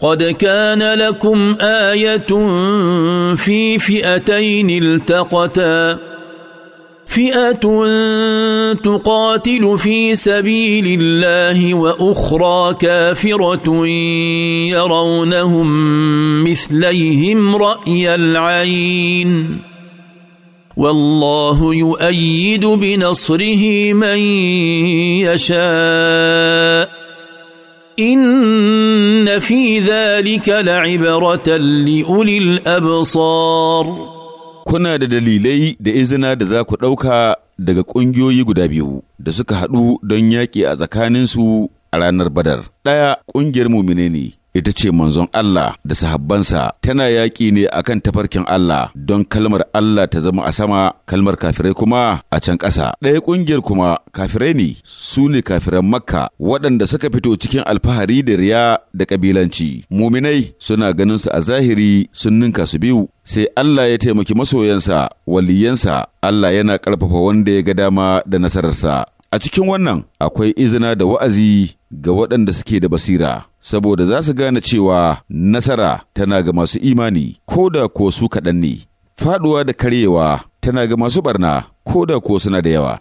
قد كان لكم ايه في فئتين التقتا فئه تقاتل في سبيل الله واخرى كافره يرونهم مثليهم راي العين والله يؤيد بنصره من يشاء إن ان في ذلك لعبره لاولي الابصار kuna da dalilai da izina da za ku ɗauka daga ƙungiyoyi guda biyu da suka haɗu don yaƙi a tsakaninsu a ranar badar ɗaya ƙungiyar mu ne ita ce manzon Allah da sahabbansa tana yaƙi ne akan tafarkin Allah don kalmar Allah ta zama a sama kalmar kafirai kuma a can ƙasa. Ɗaya ƙungiyar kuma kafirai ne su ne kafiran Makka waɗanda suka fito cikin alfahari da riya da ƙabilanci. Muminai suna ganin su a zahiri sun ninka su biyu. Sai Allah ya taimaki masoyansa, waliyansa, Allah yana ƙarfafa wanda ya ga dama da nasararsa. A cikin wannan akwai izina da wa'azi ga waɗanda suke da basira, saboda za su gane cewa nasara tana ga masu imani, ko da ko su kaɗan ne, faɗuwa da karyewa tana ga masu barna, ko da ko suna da yawa.